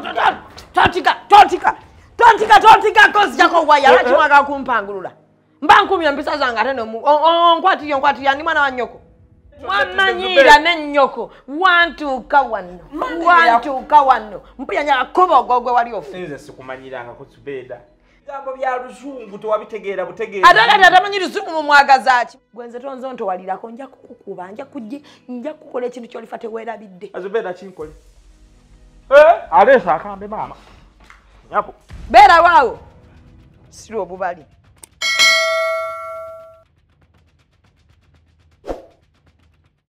tontika tontika tontika tontika kozi jako waya lachi eh, eh. mwaka kumpangulula mba nkumi mpisa zanga tene mu onkwati yo nkwati yani mwana wa nyoko mwamanyira ne nyoko wantu kawanno wantu kawanno mpya nya kubo gogwe wali ofu nze sikumanyira nga ko tubeda gambo bya ruzungu to wabitegera butegera adaga tata manyira zungu mu mwagaza ki gwenze tonzo nto walira konja kukubanja kujje nja kukole kintu kyolifate wera bidde azubeda chinkole Alesa kan be mama. Yapo. Be da wa o. Siro bo bari.